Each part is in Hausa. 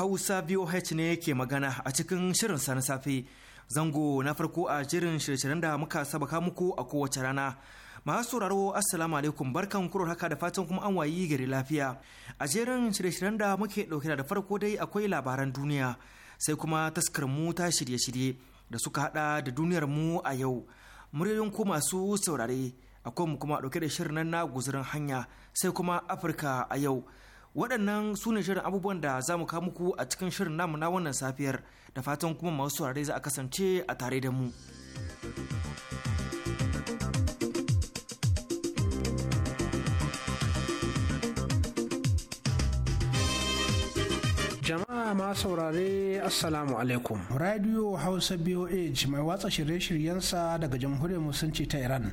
Hausa VOH ne ke magana a cikin shirin sa na safe. Zango na farko a jirin shirye-shiryen da muka sabaka muku a kowace rana. Masu sauraro Assalamu alaikum barkan kuro haka da fatan kuma an wayi gari lafiya. A jerin shirye-shiryen da muke ɗauke da farko dai akwai labaran duniya sai kuma taskar mu ta shirye-shirye da suka hada da duniyar mu a yau. Muryoyin ku masu saurare akwai mu kuma ɗauke da shirin nan na guzurin hanya sai kuma Afirka a yau. waɗannan su ne shirin abubuwan da za mu kawo muku a cikin shirin namu na wannan safiyar da fatan kuma masu saurare za a kasance a tare da mu jama'a ma saurare assalamu alaikum radio hausa boh mai watsa shirye-shiryensa daga jamhuriyar musulunci ta iran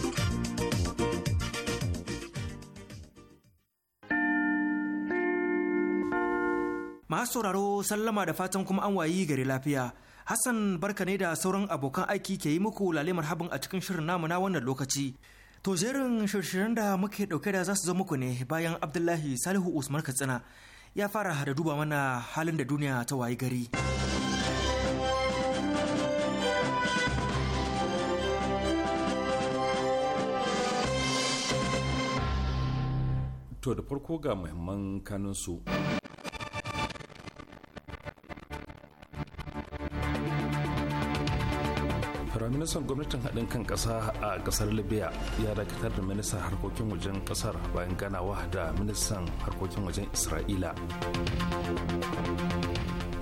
masu sauraro sallama da fatan kuma an wayi gari lafiya hassan barka ne da sauran abokan aiki ke yi muku lale marhaban a cikin shirin namu na wannan lokaci to jerin shirshirin da muke dauke da za su zo muku ne bayan abdullahi salihu usman katsina ya fara da duba mana halin da duniya ta wayi gari to da farko ga muhimman kanunsu ministan gwamnatin haɗin kan ƙasa a ƙasar libya ya dakatar da ministan harkokin wajen ƙasar bayan ganawa da ministan harkokin wajen isra'ila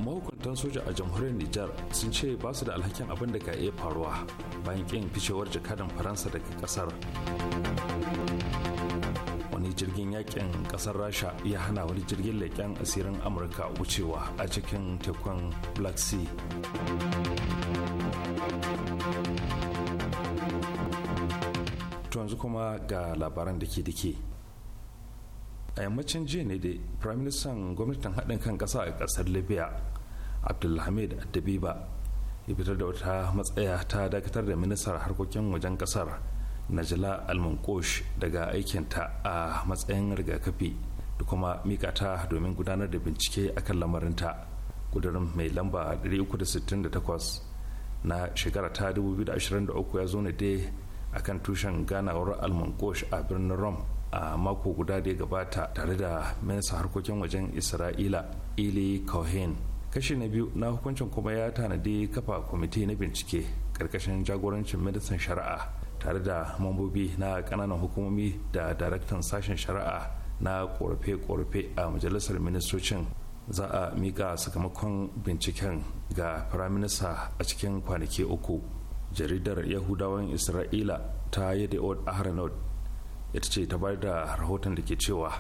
mahukuntan soja a jamhuriyar nijar sun ce ba su da alhakin abin da ka iya faruwa bayan ƙin ficewar jakadan faransa daga ƙasar jirgin yakin kasar rasha ya hana wani jirgin leƙen asirin amurka wucewa a cikin tekun black sea yanzu kuma ga labaran da ke dake a yammacin jiya ne da firaministan gwamnatin haɗin kan ƙasa a ƙasar libya abdulhamid dabiba ya fitar da wata matsaya ta dakatar da ministar harkokin wajen ƙasar najila almankosh daga aikinta a matsayin rigakafi da kuma mika ta domin gudanar da bincike a kan lamarinta gudanar mai lamba 368 na shekara ta 2023 ya zo ne dai kan tushen ganawar almankosh a birnin rom a mako guda da ya gabata tare da minista harkokin wajen isra'ila ili cohen kashi na biyu na hukuncin kuma ya tanadi kafa kwamiti na bincike karkashin jagorancin ministan shari'a tare da mambobi na kananan hukumomi da daraktan sashen shari'a na korafe-korafe a majalisar ministocin za a mika sakamakon binciken ga firaminista a cikin kwanaki uku jaridar yahudawan isra'ila ta yadda'od ahranot ita ce ta bayar da rahoton da ke cewa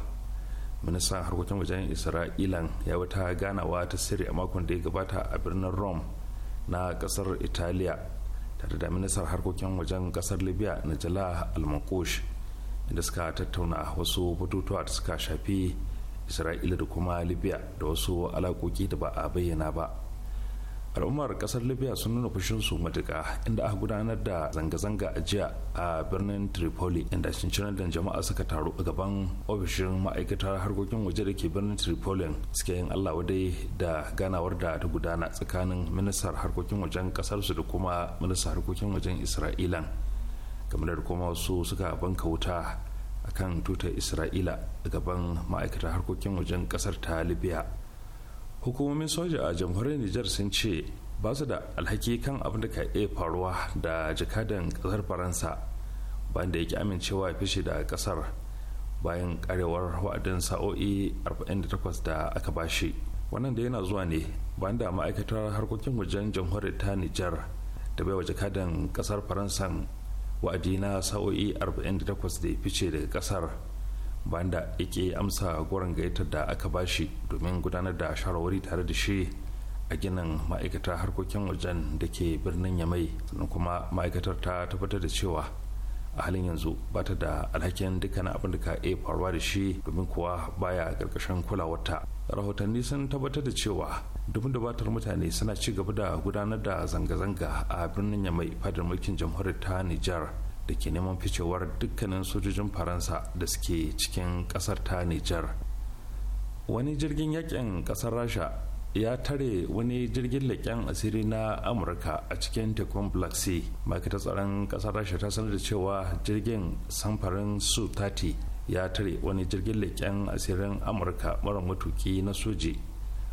ministan harkokin wajen isra'ilan ya wata ganawa ta sirri a makon da ya gabata a birnin rome na kasar italiya tare da ministan harkokin wajen kasar libya na al-mankush inda suka tattauna wasu batutuwa da suka shafi isra'ila da kuma libya da wasu alakoki da ba a bayyana ba al'ummar kasar libya sun nuna fushin su matuka inda aka gudanar da zanga-zanga a jiya a birnin tripoli inda cincinan da jama'a suka taru a gaban ofishin ma'aikatar harkokin waje da ke birnin tripoli suke yin allah wadai da ganawar da ta gudana tsakanin ministar harkokin wajen kasar su da kuma ministar harkokin wajen isra'ilan kamar da kuma wasu suka banka wuta akan tutar isra'ila a gaban ma'aikatar harkokin wajen kasar ta libya hukumomin soja a jamhuriyar nijar sun ce ba su da alhaki kan abin da ka iya faruwa da jakadan kasar faransa bayan da yake amincewa ya fishe da kasar bayan karewar wa'adin sa'o'i 48 da aka bashi wannan da yana zuwa ne bayan da ma'aikatar harkokin wajen jamhuriyar ta nijar da baiwa jakadan kasar faransan wa'adi na sa'o'i 48 da ya fice daga kasar bayan da yake amsa goron gayyatar da aka bashi domin gudanar da shawarwari tare da shi a ginin ma'aikatar harkokin wajen da ke birnin yamai sannan kuma ma'aikatar ta tabbatar da cewa a halin yanzu ba ta da alhakin dukkanin abin da ka iya faruwa da shi domin kuwa baya karkashin kulawarta rahotanni sun tabbatar da cewa dubin dubatar mutane suna ci gaba da gudanar da zanga-zanga a birnin yamai fadar mulkin jamhuriyar ta nijar da ke neman ficewar dukkanin sojojin faransa da suke cikin kasar ta nijar wani jirgin yakin kasar rasha ya tare wani jirgin leƙen asiri na amurka a cikin tekun black sea ma'aikatar tsaron kasar rasha ta sanar da cewa jirgin samfarin su 30 ya tare wani jirgin leƙen asirin amurka mara matuki na soji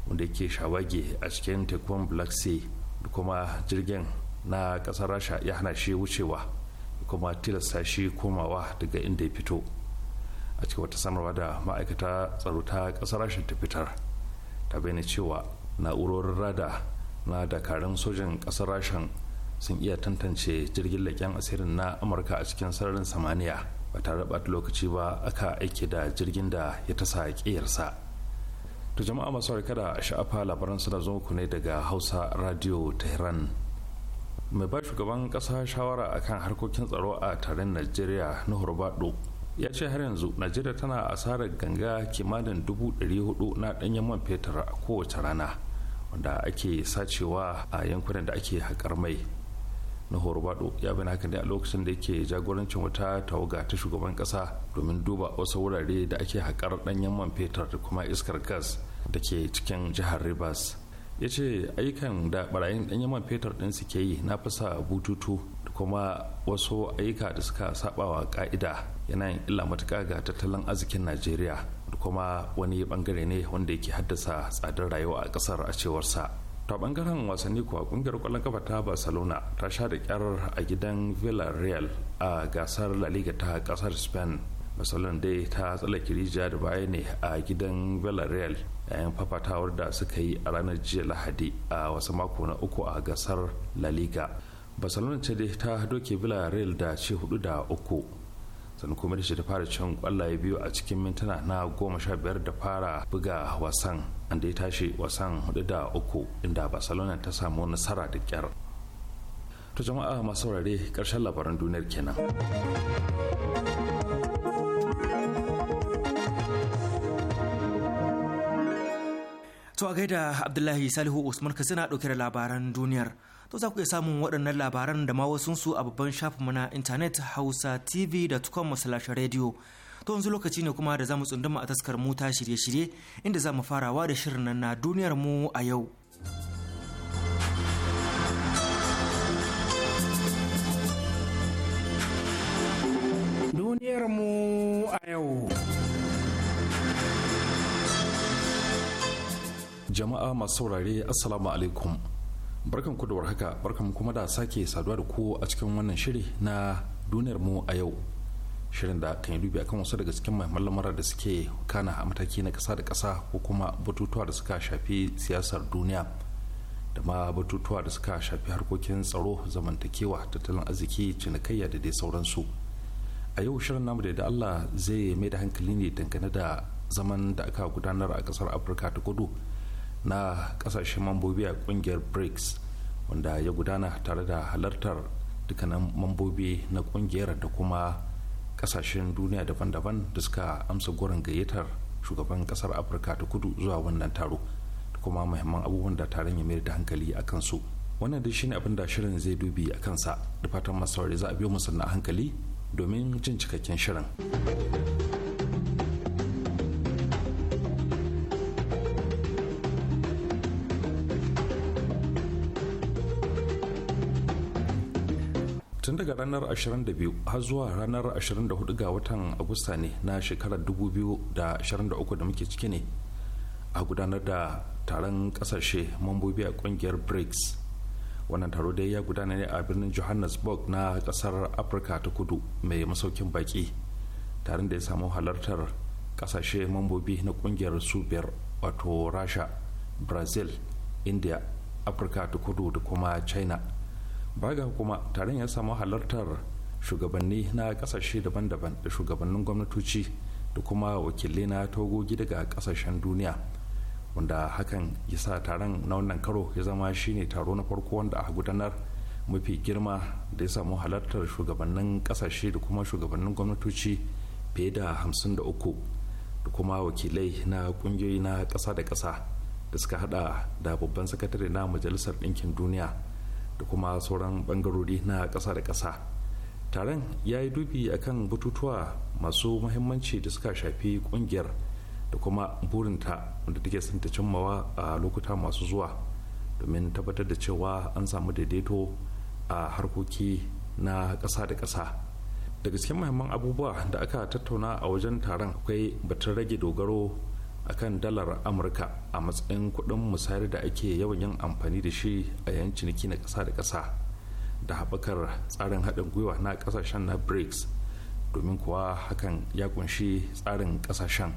wanda ke shawage a cikin tekun black sea da kuma jirgin na kasar rasha ya hana shi wucewa kuma tilasta shi komawa daga inda ya fito a cikin wata sanarwa da ma'aikata tsaro ta ƙasar rashin ta fitar ta bayyana cewa na'urorin rada na dakarun sojan ƙasar rashin sun iya tantance jirgin leƙen asirin na amurka a cikin sararin samaniya ba tare da lokaci ba aka aike da jirgin da ya tasa ƙiyarsa to jama'a masu kada a sha'afa labaran suna zo ku ne daga hausa radio tehran mai ba shugaban kasa shawara akan harkokin tsaro a taron najeriya na hurbado ya ce har yanzu najeriya tana asarar ganga kimanin hudu na danyen man fetur kowace rana wanda ake sacewa a yankunan da ake haƙar mai na horobado ya bin haka ne a lokacin da yake jagorancin wata tawaga ta shugaban kasa domin duba wasu wurare da ake haƙar ɗanyen man fetur da kuma iskar gas da ke cikin jihar rivers ya ce ayyukan da barayin dan yaman fetur din suke yi na fasa bututu da kuma wasu ayyuka da suka sabawa ka'ida yana yin illa matuka ga tattalin arzikin najeriya da kuma wani bangare ne wanda yake haddasa tsadar rayuwa a kasar a cewarsa ta bangaren wasanni kuwa kungiyar kwallon kafa ta barcelona ta sha da kyar a gidan villarreal a gasar la liga ta kasar spain barcelona dai ta tsallake rijiya da baya ne a gidan villarreal yayan fafatawar da suka yi a ranar jiya lahadi a wasu mako na uku a gasar la liga barcelona ce dai ta doke bila villarreal da ce hudu da uku sannan kuma da ta fara cin kwallaye biyu a cikin mintuna na goma sha biyar da fara buga wasan inda ya tashi wasan hudu da uku inda barcelona ta samu nasara da kyar to jama'a masu saurare karshen labaran duniyar kenan To a gaida Abdullahi Salihu Usman ka suna ɗauke da labaran duniyar. To za ku iya samun waɗannan labaran da ma su a babban shafinmu na intanet hausa tv da tv.com slash radio. To yanzu lokaci ne kuma da za mu tsunduma a taskar mu ta shirye-shirye inda za mu farawa da shirin nan na duniyar mu a yau. Duniyar mu a yau. jama'a masu saurare assalamu alaikum barkan ku da warhaka barkan kuma da sake saduwa da ku a cikin wannan shiri na duniyar mu a yau shirin da kan yi dubi akan wasu daga cikin mai lamura da suke kana a mataki na kasa da kasa ko kuma batutuwa da suka shafi siyasar duniya da ma batutuwa da suka shafi harkokin tsaro zamantakewa tattalin arziki cinikayya da dai sauransu a yau shirin namu da Allah zai mai da hankali ne dangane da zaman da aka gudanar a ƙasar afirka ta kudu na kasashen mambobi a kungiyar brics wanda ya gudana tare da halartar dukkanin mambobi na kungiyar da kuma kasashen duniya daban-daban da suka amsa gurin gayyatar shugaban kasar afirka ta kudu zuwa wannan taro da kuma muhimman abubuwan da taron ya mayar da hankali a kansu wannan dai shine abin da shirin zai dubi a kansa da fatan masu za a biyo musu na hankali domin jin cikakken shirin tun daga ranar 22 har zuwa ranar 24 ga watan agusta ne na shekarar 2023 da muke ciki ne a gudanar da taron kasashe mambobi a kungiyar brics wannan taro dai ya gudana ne a birnin johannesburg na kasar afirka ta kudu mai masaukin baki taron da ya samu halartar kasashe mambobi na kungiyar su biyar wato rasha brazil india afirka ta kudu da kuma china baga kuma taron ya samu halartar shugabanni na kasashe daban-daban da shugabannin gwamnatoci da kuma wakilai na togogi daga kasashen duniya wanda hakan ya sa taron na wannan karo ya zama shine taro na farko wanda a gudanar mafi girma da ya samu halartar shugabannin kasashe da kuma shugabannin gwamnatoci fiye da hamsin da uku da kuma wakilai na kungiyoyi na kasa da kasa da suka hada da babban sakatare na majalisar ɗinkin duniya da kuma sauran bangarori na ƙasa da ƙasa taron ya yi dubi a kan bututuwa masu mahimmanci da suka shafi ƙungiyar da kuma burinta wanda take son ta cimmawa a lokuta masu zuwa domin tabbatar da cewa an samu daidaito a harkoki na ƙasa da ƙasa daga cikin muhimman abubuwa da aka tattauna a wajen taron akwai batun rage dogaro akan dalar amurka a matsayin kudin musayar da ake yawan yin amfani da shi a yan ciniki na kasa da kasa da haɓakar tsarin haɗin gwiwa na ƙasashen na brics domin kuwa hakan ya kunshi tsarin ƙasashen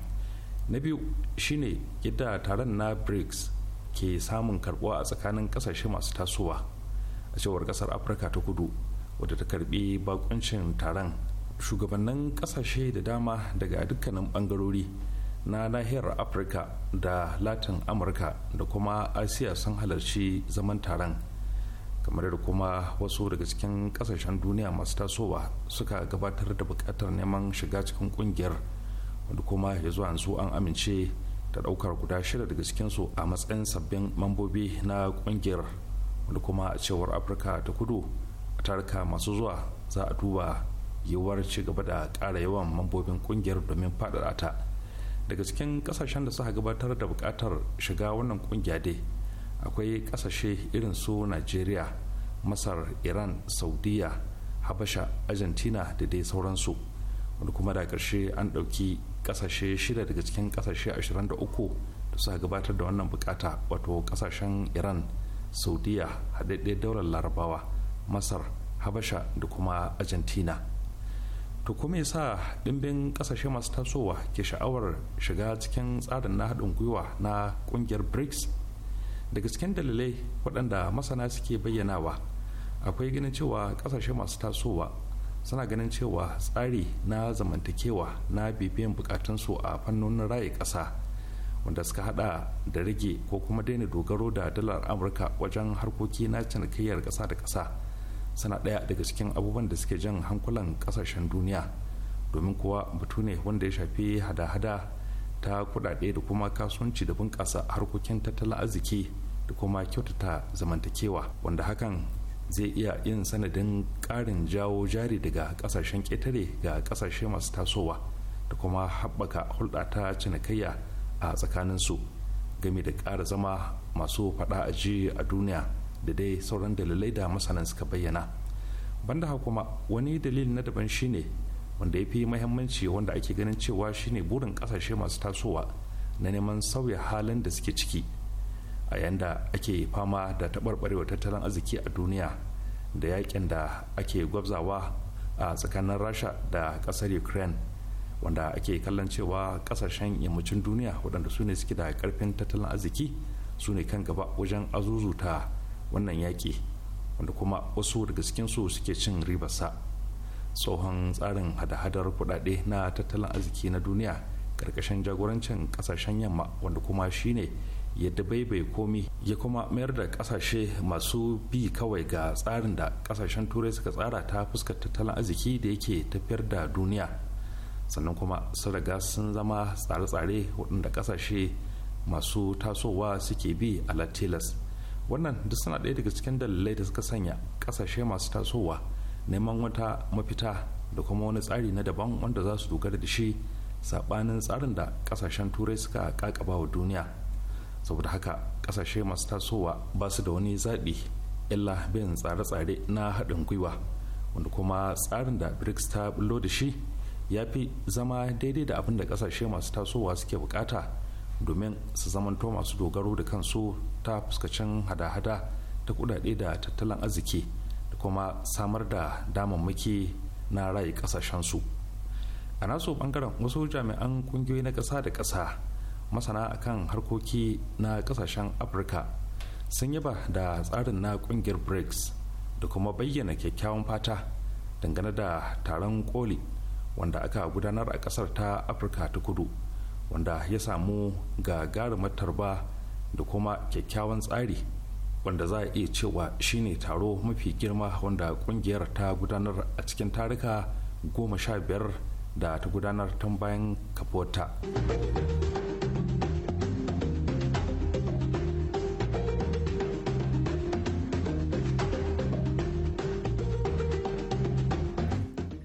na biyu shine yadda taron na brics ke samun karbuwa a tsakanin ƙasashe masu tasowa a cewar ƙasar afirka ta kudu wadda ta karbi bakuncin taron shugabannin ƙasashe da dama daga dukkanin bangarori na nahiyar afirka da latin amurka da kuma asiya sun halarci zaman taron kamar da kuma wasu daga cikin kasashen duniya masu tasowa suka gabatar da bukatar neman shiga cikin kungiyar wadda kuma ya zuwa yanzu an amince da daukar guda shida daga cikinsu a matsayin sabbin mambobi na kungiyar wadda kuma a cewar afirka ta kudu a tarika masu zuwa za a duba yiwuwar ci gaba da ƙara yawan mambobin kungiyar domin faɗaɗa ta daga cikin kasashen da suka gabatar da bukatar shiga wannan kungiya dai akwai kasashe irin su nigeria masar iran saudiya habasha argentina da dai sauransu wani kuma da karshe an ɗauki kasashe shida daga cikin kasashe 23 da suka gabatar da wannan bukata wato kasashen iran saudiya haɗaɗɗe daular larabawa masar habasha da kuma argentina to kuma ya sa dimbin kasashe masu tasowa ke sha'awar shiga cikin tsarin na haɗin gwiwa na ƙungiyar brics daga cikin dalilai waɗanda masana suke bayyanawa akwai ganin cewa kasashe masu tasowa suna ganin cewa tsari na zamantakewa na bibiyan bukatunsu a fannonin raye ƙasa wanda suka hada da rage ko kuma daina dogaro da dalar amurka wajen harkoki na cinikayyar ƙasa da ƙasa suna ɗaya daga cikin abubuwan da suke jan hankulan ƙasashen duniya domin kuwa batu ne wanda ya shafi hada-hada ta kudade da kuma kasuwanci da bunƙasa harkokin tattalin arziki da kuma kyautata zamantakewa wanda hakan zai iya yin sanadin ƙarin jawo jari daga ƙasashen ƙetare ga ƙasashe masu tasowa da kuma haɓaka hulɗa ta cinikayya a tsakaninsu game da ƙara zama masu faɗa a a duniya da dai sauran dalilai da masanan suka bayyana banda haka kuma wani dalil na daban shine wanda ya fi mahimmanci wanda ake ganin cewa shine burin kasashe masu tasowa na neman sauya halin da suke ciki a yanda ake fama da taɓarɓarewa tattalin arziki a duniya da yakin da ake gwabzawa a tsakanin rasha da ƙasar ukraine wanda ake kallon cewa ƙasashen yammacin duniya waɗanda su ne suke da ƙarfin tattalin arziki su ne kan gaba wajen azuzuta wannan yaƙi wanda kuma wasu daga cikinsu suke cin ribarsa tsohon tsarin hada-hadar kudade na tattalin arziki na duniya ƙarƙashin jagorancin ƙasashen yamma wanda kuma shine yadda baibai komi ya kuma mayar da ƙasashe masu bi kawai ga tsarin da ƙasashen turai suka tsara ta fuskar tattalin arziki da yake tafiyar da duniya sannan kuma sun riga sun zama tsare-tsare waɗanda ƙasashe masu tasowa suke bi a latilas wannan duk suna ɗaya daga cikin dalilai da suka sanya ƙasashe masu tasowa neman wata mafita da kuma wani tsari na daban wanda za su dogara da shi saɓanin tsarin da ƙasashen turai suka ƙaƙaba wa duniya saboda haka ƙasashe masu tasowa ba su da wani zaɓi illa bin tsare-tsare na haɗin gwiwa wanda kuma tsarin da brics ta bullo da shi ya fi zama daidai da abin da ƙasashe masu tasowa suke bukata domin su zamanto masu dogaro da kansu ta fuskacin hada-hada ta kudade da tattalin arziki da kuma samar da damammaki na rai kasashensu a naso bangaren wasu jami'an kungiyoyi na ƙasa da ƙasa masana akan harkoki na ƙasashen afirka sun yaba da tsarin na kungiyar brics da kuma bayyana kyakkyawan fata dangane da taron koli wanda aka gudanar a ƙasar ta afirka ta kudu wanda ya samu gagarumar tarba da kuma kyakkyawan tsari wanda za a iya cewa shine taro mafi girma wanda kungiyar ta gudanar a cikin tarika goma sha biyar da ta gudanar tun bayan kafuwarta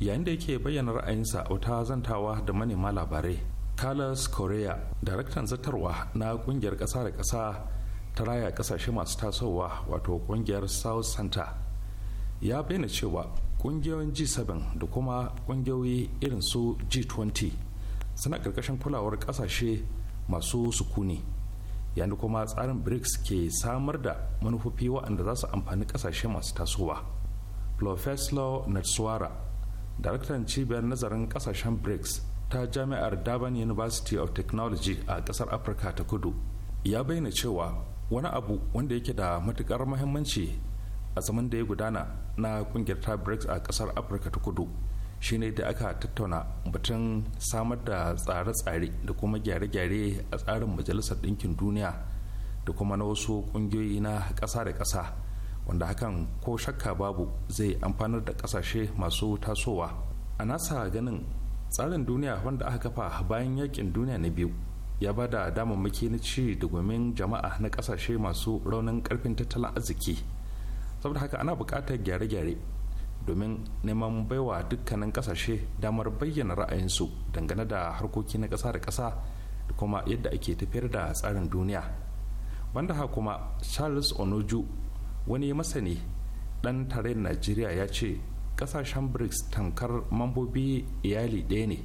yayin da yake bayyana ra'ayinsa wata zantawa da manema labarai carlos correa daraktan zartarwa na kungiyar ƙasa da ƙasa ta raya ƙasashe masu tasowa wato kungiyar south center ya bayyana cewa kungiyoyin g7 da kuma kungiyoyi irin su g20 suna ƙarƙashin kulawar ƙasashe masu sukuni yadda kuma tsarin brics ke samar da manufofi waɗanda za su amfani ƙasashe masu tasowa professor natsuwara daraktan cibiyar nazarin ƙasashen brics ta jami'ar Durban University of Technology a ƙasar Afirka ta kudu ya bayyana cewa wani abu wanda yake da matukar muhimmanci a zaman da ya gudana na kungiyar ta BRICS a ƙasar Afirka ta kudu shine da aka tattauna batun samar da tsare-tsare da kuma gyare-gyare a tsarin majalisar ɗinkin duniya da kuma na wasu ƙungiyoyi na ƙasa da ƙasa wanda hakan ko shakka babu zai amfanar da ƙasashe masu tasowa a nasa ganin tsarin duniya wanda aka kafa bayan yakin duniya na biyu ya ba da damammaki na ci da gomin jama'a na kasashe masu raunin karfin tattalin arziki saboda haka ana buƙatar gyare-gyare domin neman baiwa dukkanin kasashe damar bayyana ra'ayinsu dangane da harkoki na ƙasa da ƙasa da kuma yadda ake tafiyar da tsarin duniya banda haka kuma charles onoju wani masani ɗan tarayyar najeriya ya ce kasashen brics tankar mambobi iyali ɗaya ne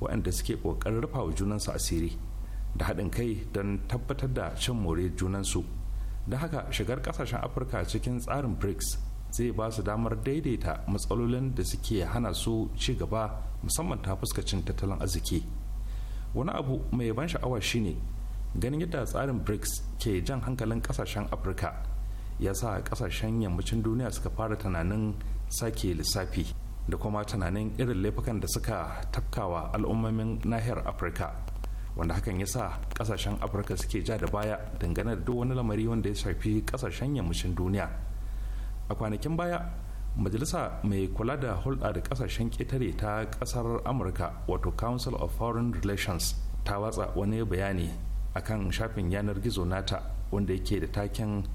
waɗanda suke ƙoƙarin rufa wa junansu asiri da haɗin kai don tabbatar da cin more junansu da haka shigar kasashen afirka cikin tsarin brics zai ba su damar daidaita matsalolin da suke hana su ci gaba musamman ta fuskacin tattalin arziki wani abu mai ban sha'awa shine ganin yadda tsarin brics ke jan hankalin kasashen afirka ya sa kasashen yammacin duniya suka fara tunanin sake lissafi da kuma tunanin irin laifukan da suka tafkawa al'ummomin nahiyar afirka wanda hakan ya sa kasashen afirka suke ja da baya dangane da duk wani lamari wanda ya shafi kasashen yammacin duniya a kwanakin baya majalisa mai kula da hulɗa da kasashen ƙetare ta ƙasar amurka wato council of foreign relations ta watsa wani bayani a kan shafin yanar gizo nata wanda yake da taken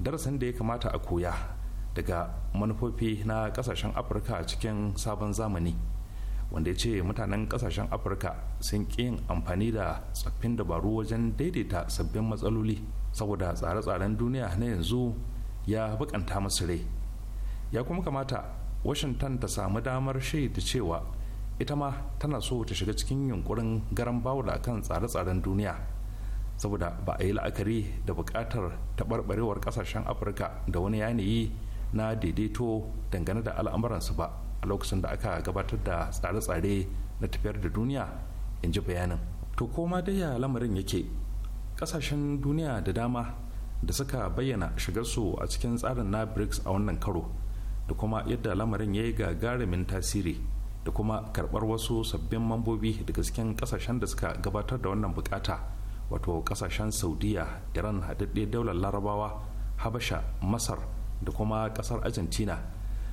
darasin da ya kamata a koya daga manufofi na kasashen afirka cikin sabon zamani wanda ya ce mutanen kasashen afirka sun ƙi yin amfani da tsaffin dabaru wajen daidaita sabbin matsaloli saboda tsare-tsaren duniya na yanzu ya bukanta masu rai ya kuma kamata washington ta samu damar shaida cewa ita ma tana so ta shiga cikin yunkurin garan bawula kan tsare-tsaren duniya saboda ba a yi la'akari da buƙatar taɓarɓarewar ƙasashen afirka da wani yanayi na daidaito dangane da al'amuransu ba a lokacin da aka gabatar da tsare-tsare na tafiyar da duniya in ji bayanin to koma dai ya lamarin yake kasashen duniya da dama da suka bayyana shigar su a cikin tsarin na brics a wannan karo da kuma yadda lamarin ya yi gagarumin tasiri da kuma karbar wasu sabbin mambobi daga cikin kasashen da suka gabatar da wannan bukata wato kasashen saudiya iran haɗaɗɗe daular larabawa habasha masar da kuma kasar argentina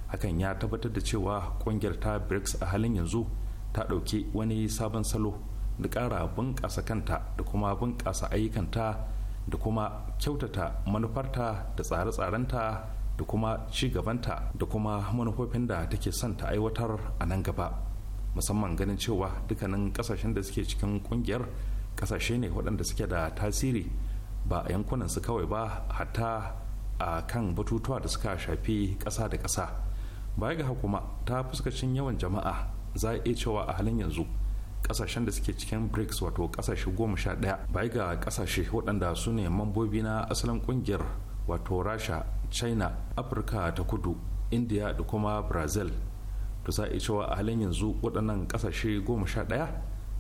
hakan ya tabbatar da cewa kungiyar ta brics a halin yanzu ta ɗauki wani sabon salo da ƙara bunƙasa kanta da kuma bunƙasa ayyukanta da kuma kyautata manufarta da tsare-tsarenta da kuma ci gabanta da kuma manufofin da take son ta aiwatar a nan gaba musamman ganin cewa dukkanin kasashen da suke cikin kungiyar kasashe ne waɗanda suke da tasiri ba a yankunan su kawai ba hatta a kan batutuwa da suka shafi ƙasa da ƙasa baya ga hukuma ta fuskacin yawan jama'a za a iya cewa a halin yanzu ƙasashen da suke cikin brics wato kasashe goma sha ɗaya baya ga kasashe waɗanda su ne mambobi na asalin ƙungiyar wato rasha china afirka ta kudu india da kuma brazil to za a cewa a halin yanzu waɗannan ƙasashe goma sha ɗaya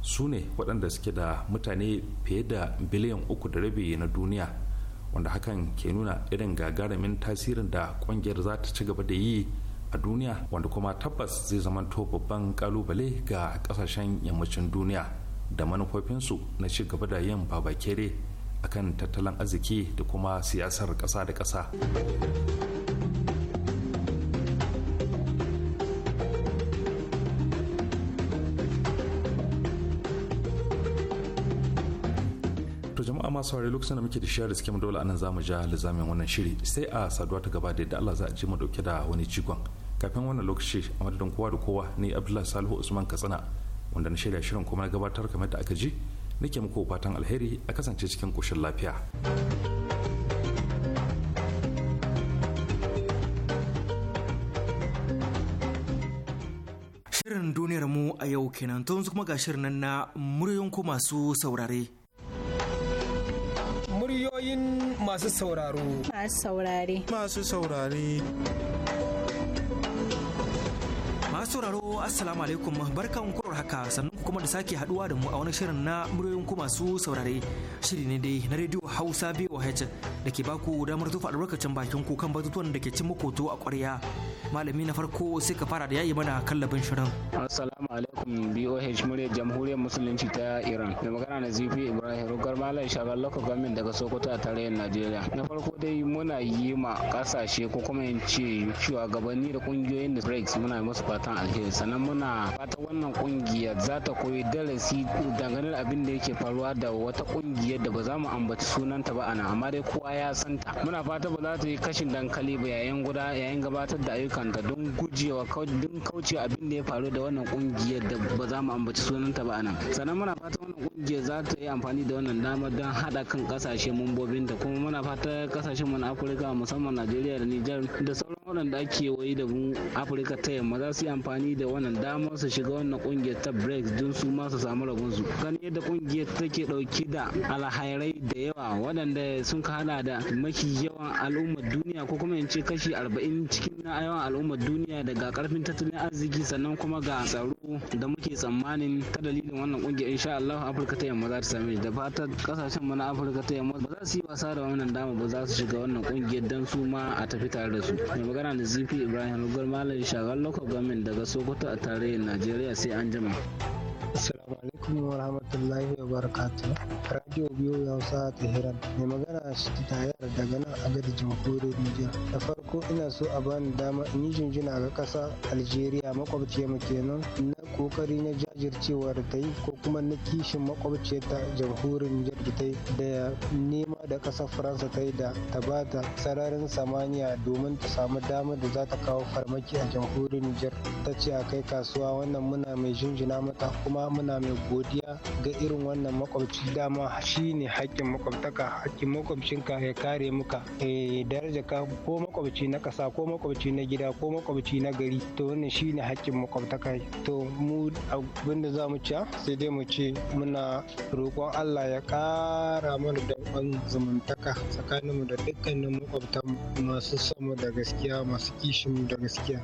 su ne waɗanda suke da mutane fiye da biliyan uku da rabi na duniya wanda hakan ke nuna irin gagarumin tasirin da kungiyar za ta ci gaba da yi a duniya wanda kuma tabbas zai zamanto babban kalubale ga kasashen yammacin duniya da manufofinsu na ci gaba da yin babakere akan tattalin arziki da kuma siyasar ƙasa da ƙasa. masu saurari lokacin da muke da shiyar da suke dole anan zamu ja lizamin wannan shiri sai a saduwa ta gaba da yadda Allah za a ji mu dauke da wani jigon kafin wannan lokaci a madadin kowa da kowa ni Abdullahi Salihu Usman Katsina wanda na shirya shirin kuma na gabatar kamar da aka ji nake muku fatan alheri a kasance cikin koshin lafiya. Shirin duniyar mu a yau kenan tun kuma ga shirin nan na muryoyin ku masu saurare. muryoyin masu sauraro masu saurare masu saurare masu sauraro assalamu alaikum barkan kurar haka sannan kuma da sake haduwa da mu a wani shirin na muryoyin ku masu saurare shiri ne dai na rediyo Hausa BOH da ke baku damar tufa albarkacin bakin ku kan batutuwan da ke cin makoto a ƙwarya. Malami na farko sai ka fara da yayi mana kallabin shirin. Assalamu alaikum BOH muryar Jamhuriyar Musulunci ta Iran. Mai magana na Zifi Ibrahim Rugar Malam Shagal Local Government daga Sokoto a tarayyar Najeriya. Na farko dai muna yi ma kasashe ko kuma in ce shugabanni da kungiyoyin da BRICS muna musu fatan alheri sannan muna fatan wannan kungiya za ta koyi darasi dangane da abin da yake faruwa da wata kungiyar da ba za mu ambaci sunanta ba ana amma dai kowa ya san ta muna fata ba za ta yi kashin dankali ba yayin guda yayin gabatar da ayyukanta don gujewa don kaucewa abin da ya faru da wannan kungiyar da ba za mu ambaci sunanta ba nan sannan muna fata wannan kungiyar za ta yi amfani da wannan damar don hada kan kasashe ta kuma muna fata kasashen mu na afirka musamman najeriya da nijar da sauran waɗanda ake wayi da mu afirka ta yamma za su yi amfani da wannan damar su shiga wannan kungiyar ta brex don su ma su samu rabonsu gani yadda kungiyar take dauke da alhairai da yawa waɗanda sun hada da mafi yawan al'ummar duniya ko kuma in ce kashi arba'in cikin na yawan al'ummar duniya daga karfin tattalin arziki sannan kuma ga tsaro da muke tsammanin ta dalilin wannan kungiya insha Allah Afirka ta yamma za ta same da fatan kasashen mana Afirka ta yamma ba za su yi wasa da wannan dama ba za su shiga wannan kungiyar dan su ma a tafi tare da su mai magana da Zifi Ibrahim Rugar Malam Shagal Local Government daga Sokoto a tarayyar Najeriya sai an jima. Assalamu alaikum wa rahmatullahi wa barakatu Radio biyu Hausa Tehran. Mai magana shi ta tayar daga nan a gada jamhuriyar Nijar. Da farko ina so a bani dama in yi jinjina ga ƙasa Algeria makwabciyar mu kenan kokari na jajircewar ta yi ko kuma na kishin makwabciyar ta jamhurin Nijar da nema da kasar Faransa ta yi da ta ba ta sararin samaniya domin ta samu damar da za ta kawo farmaki a jamhurin Nijar ta ce a kai kasuwa wannan muna mai jinjina mata kuma muna mai godiya ga irin wannan makwabci dama shi ne haƙƙin makwabtaka haƙƙin makwabcinka ya kare muka daraja ka ko makwabci na ƙasa ko makwabci na gida ko makwabci na gari to wannan shi ne haƙƙin makwabtaka to mu abin da za mu ci sai dai mu ce muna roƙon Allah ya ƙara mana wani zamantaka tsakaninmu da dukkanin makwabta masu samu da gaskiya masu kishin da gaskiya.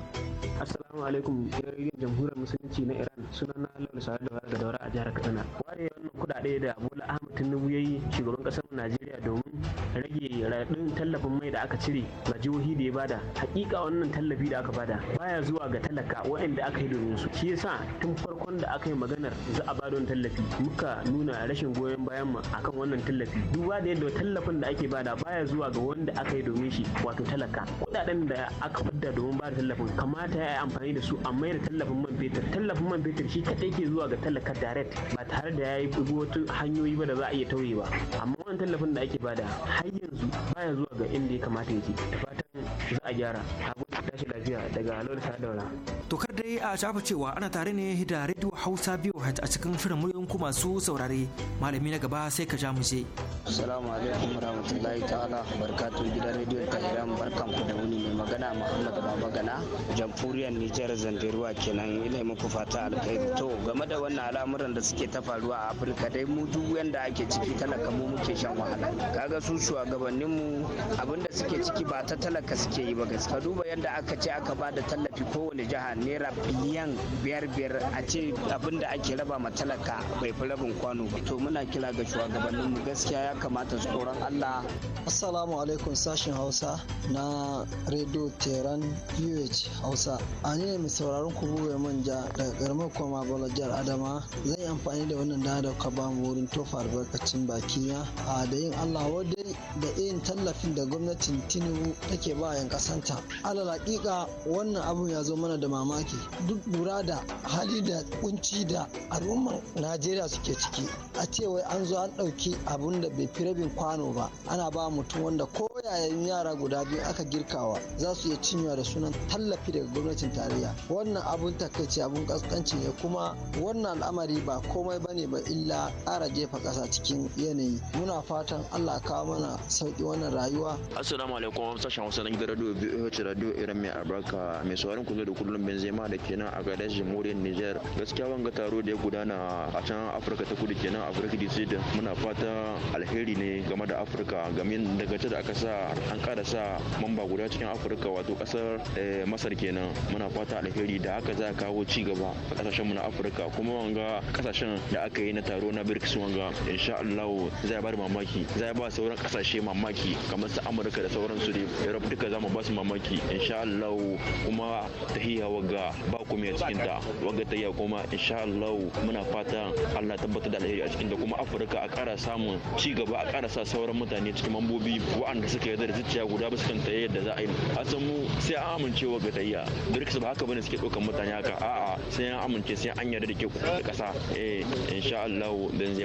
Assalamu alaikum jirgin jamhuriyar musulunci na Iran suna na da Sa'ad da Daura a jihar Katsina. Waye wannan kudade da Bola Ahmed Tinubu ya yi shugaban kasar Najeriya domin rage radin tallafin mai da aka cire ga jihohi da ya bada. Hakika wannan tallafi da aka bada baya zuwa ga talaka waɗanda aka yi domin su. Shi yasa tun farkon da aka yi maganar za a bada tallafi muka nuna rashin goyon bayan mu akan wannan tallafi. Duba da yadda tallafin da ake bada baya zuwa ga wanda aka yi domin shi wato talaka. kudaden da aka fadda domin bada tallafin kamata ya yi amfani amfani da su a mayar tallafin man fetur tallafin man fetur shi kadai ke zuwa ga talaka direct ba tare da yayi wata hanyoyi ba da za a iya tauye ba amma wannan tallafin da ake bada har yanzu baya zuwa ga inda ya kamata ya yake da fatan za a gyara abu tashi daga To dai a shafa cewa ana tare ne da Radio Hausa biyu a cikin shirin muryoyin ku masu saurare. Malami na gaba sai ka ja mu je. Assalamu alaikum rahmatullahi ta'ala barkatun gidan ta iran barkan ku da wuni mai magana Muhammad Babagana jamhuriyar Nijar Zanderuwa kenan ina muku fata alkhairi. To game da wannan al'amuran da suke ta faruwa a Afirka dai mu duk yanda ake ciki talaka mu muke shan wahala. Kaga su shugabanninmu abinda suke ciki ba ta talaka suke yi ba gaskiya duba yadda da aka ce aka ba da tallafi kowane jiha naira biliyan biyar biyar a ce abin da ake raba ma talaka bai fi rabin kwano ba to muna kira ga shugabannin mu gaskiya ya kamata su tsoron Allah assalamu alaikum sashin Hausa na Radio teran UH Hausa a ne mai sauraron ku buga manja daga karamar koma bala jihar Adama zan yi amfani da wannan da ka ba mu wurin tofa albarkacin bakina a da yin Allah wadda da irin tallafin da gwamnatin tinubu take ba yan kasanta alal hakika wannan abun ya zo mana da mamaki duk lura da hali da kunci da al'ummar najeriya suke ciki a ce wai an zo an ɗauki abun da bai fi rabin kwano ba ana ba mutum wanda ko yayin yara guda biyu aka girkawa za su iya cinyewa da sunan tallafi daga gwamnatin tarayya wannan abun takaici abun kaskanci ne kuma wannan al'amari ba komai bane ba illa ƙara jefa ƙasa cikin yanayi muna fatan allah kawo mana sauki wannan rayuwa assalamu alaikum sashen hausa na gidan radio bh radio iran mai albarka mai saurin kula da kullum benzema da kenan a gadar jamhuriyar niger gaskiya ga taro da ya gudana a can afirka ta kudu kenan afirka da muna fata alheri ne game da afirka game gace da aka sa an kara sa mamba guda cikin afirka wato kasar eh, masar kenan muna fata alheri da haka za a kawo ci gaba a kasashen mu na afirka kuma wanga kasashen da aka yi na taro na birkis wanga insha allahu zai ba mamaki zai ba sauran kasashe mamaki kamar su amurka da sauransu da europe duka za mu ba su mamaki insha allah kuma tahiya waga ba kuma ya cikin ta waga tahiya kuma insha allah muna fatan allah tabbatar da alheri a cikin ta kuma afirka a kara samun ci gaba a kara sa sauran mutane cikin mambobi waɗanda suka yarda da zuciya guda ba su kan ta yadda za a yi a san mu sai an amince waga tahiya birks ba haka bane suke dokan mutane haka a'a sai an amince sai an yarda da ke kasa eh insha allah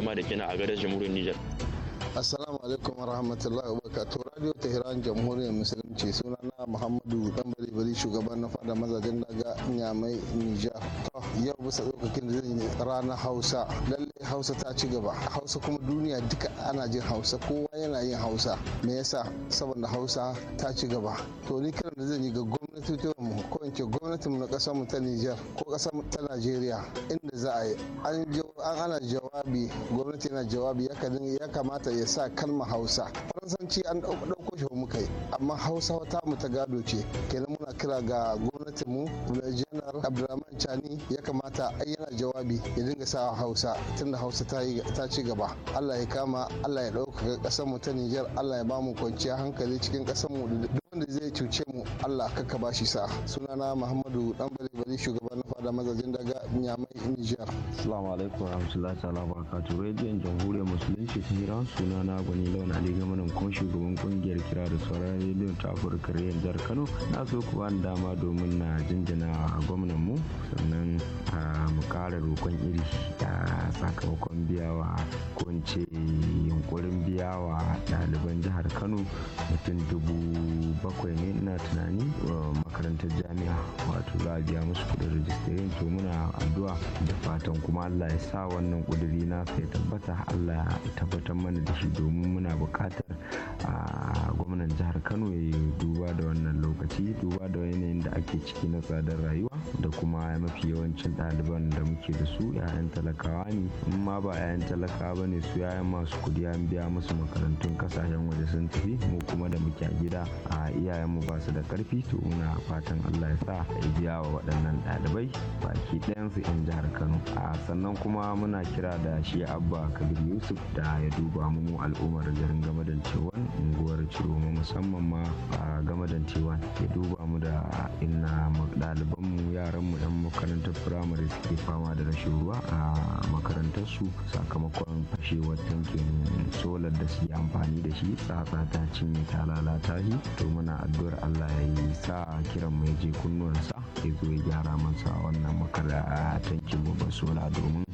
ma da kina a gadar jamhuriyar niger السلام عليكم ورحمة الله وبركاته راديو تهران جمهورية مثل ce sunana muhammadu dan bari bari shugaban na fada mazajen daga nyamai nijar yau bisa tsokakin da rana hausa lalle hausa ta ci gaba hausa kuma duniya duka ana jin hausa kowa yana yin hausa me yasa saboda hausa ta ci gaba to ni kiran da zan yi ga mu ko in ce mu na kasar mu ta nijar ko kasar mu ta najeriya inda za a yi an ana jawabi gwamnati yana jawabi ya kamata ya sa kalma hausa faransanci an ɗauko shi muka yi amma hausa hausawa mu ta gado ce kenan muna kira ga gwamnatin mu janar abdulrahman chani ya kamata yana jawabi ya dinga sa hausa tunda hausa ta ci gaba allah ya kama allah ya ɗaukaka kasar mu ta nijar allah ya bamu kwanciya hankali cikin kasar mu wanda zai cuce mu Allah kaka bashi sa sunana Muhammadu dan bari shugaban na fada mazajin daga Nyamai Niger Assalamu alaikum rahmatullahi ta'ala barakatuh rediyon jamhuriyar musulunci ta hira sunana Gwani Lawan Ali Gamanin kuma shugaban kungiyar kira da sauran rediyon ta Afirka Rayyan Jihar Kano na so ku bani dama domin na jinjina gwamnan mu sannan mu kara roƙon iri ta sakamakon biyawa ko in ce yunkurin biyawa ɗaliban jihar Kano mutum dubu bakwai ne ina tunani um, makarantar jami'a wato za a biya musu kudin rijistirin to muna addu'a da fatan kuma allah ya sa wannan kuduri na ya tabbata allah ya tabbatar mana da shi domin muna buƙatar a gwamnan jihar kano ya duba da wannan lokaci duba da yanayin da ake ciki na tsadar rayuwa da kuma mafi yawancin ɗaliban da muke da su 'ya'yan talakawa ne in ma ba 'ya'yan talakawa ba ne su 'ya'yan masu kudi an biya musu makarantun kasashen waje sun tafi mu kuma da muke a gida a a iyayenmu ba su da karfi to muna fatan allah ya sa ya biya wa waɗannan ɗalibai baki ɗayansu 'yan jihar kano a sannan kuma muna kira da shi abba kabir yusuf da ya duba mu al'ummar garin gamadancewan unguwar ciroma musamman ma a game ya duba mu da inna ɗalibanmu yaranmu 'yan makarantar firamare suke fama da rashin ruwa a makarantarsu sakamakon fashewar tankin solar da suke amfani da shi tsatsa ta cinye ta lalata shi to muna addu'ar Allah ya yi sa kiran mai je kunnuwansa ya zo ya gyara masa wannan makara a tankin babban sola domin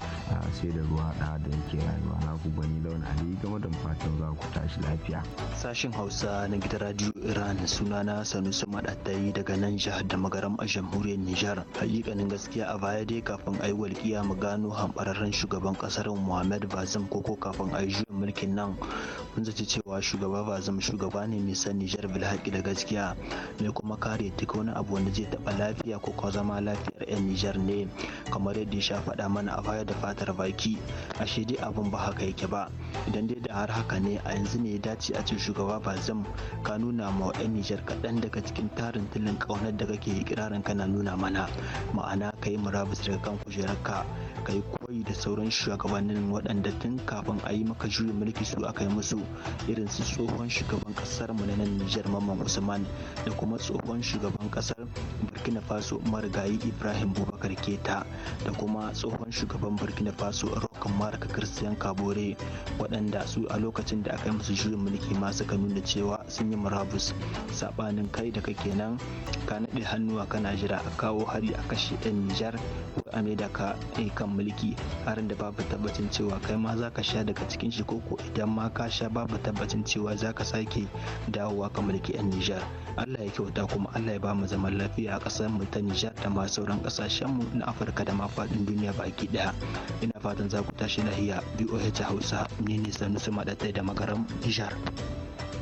sai da ruwa da da yake rayuwa na ku bani launa ali game da fatan za ku tashi lafiya sashin hausa na gidan radio iran sunana sanusi tayi daga nan jihar da magaram a jamhuriyar nijar hakikanin gaskiya a baya dai kafin ayi walƙiya mu gano hambararren shugaban kasar muhammad bazim koko kafin ayi juyin mulkin nan mun zaci cewa shugaba bazum shugaba ne mai san nijar bilhaki da gaskiya mai kuma kare duk wani abu wanda zai taɓa lafiya lafiya ko kuma zama lafiyar 'yan Nijar ne kamar yadda ya sha faɗa mana a baya da fatar baki ashe dai abin ba haka yake ba idan dai da har haka ne a yanzu ne ya dace a ce shugaba Bazum ka nuna ma 'yan Nijar kaɗan daga cikin tarin tilin ƙaunar da kake ikirarin kana nuna mana ma'ana ka yi murabus daga kan kujerarka ka yi kawai da sauran shugabannin waɗanda tun kafin a yi maka juyin mulki su aka yi musu irin su tsohon shugaban kasar mu na nan Nijar Mamman Usman da kuma tsohon shugaban kasar Burkina Faso Marigayi Ibrahim Bubakar Keta da kuma tsohon shugaban Burkina Faso Roch Mark Christian Kabore waɗanda su a lokacin da aka yi musu juyin mulki ma suka nuna cewa sun yi murabus sabanin kai da kake nan ka naɗe hannuwa kana jira a kawo hari a kashe 'yan Nijar a maida ka eh, kan mulki harin da babu tabbacin cewa kai ma za ka sha daga cikin shi ko idan ma ka sha babu tabbacin cewa za ka sake dawowa ka mulki 'yan Nijar. Allah ya kyauta kuma Allah ya ba mu zaman lafiya a ƙasar mu ta Nijar da ma sauran ƙasashen mu na Afirka da ma faɗin duniya baki ɗaya. Ina fatan za ku tashi lahiya BOH Hausa ni ne Sanusi Maɗatai da Magaram Nijar.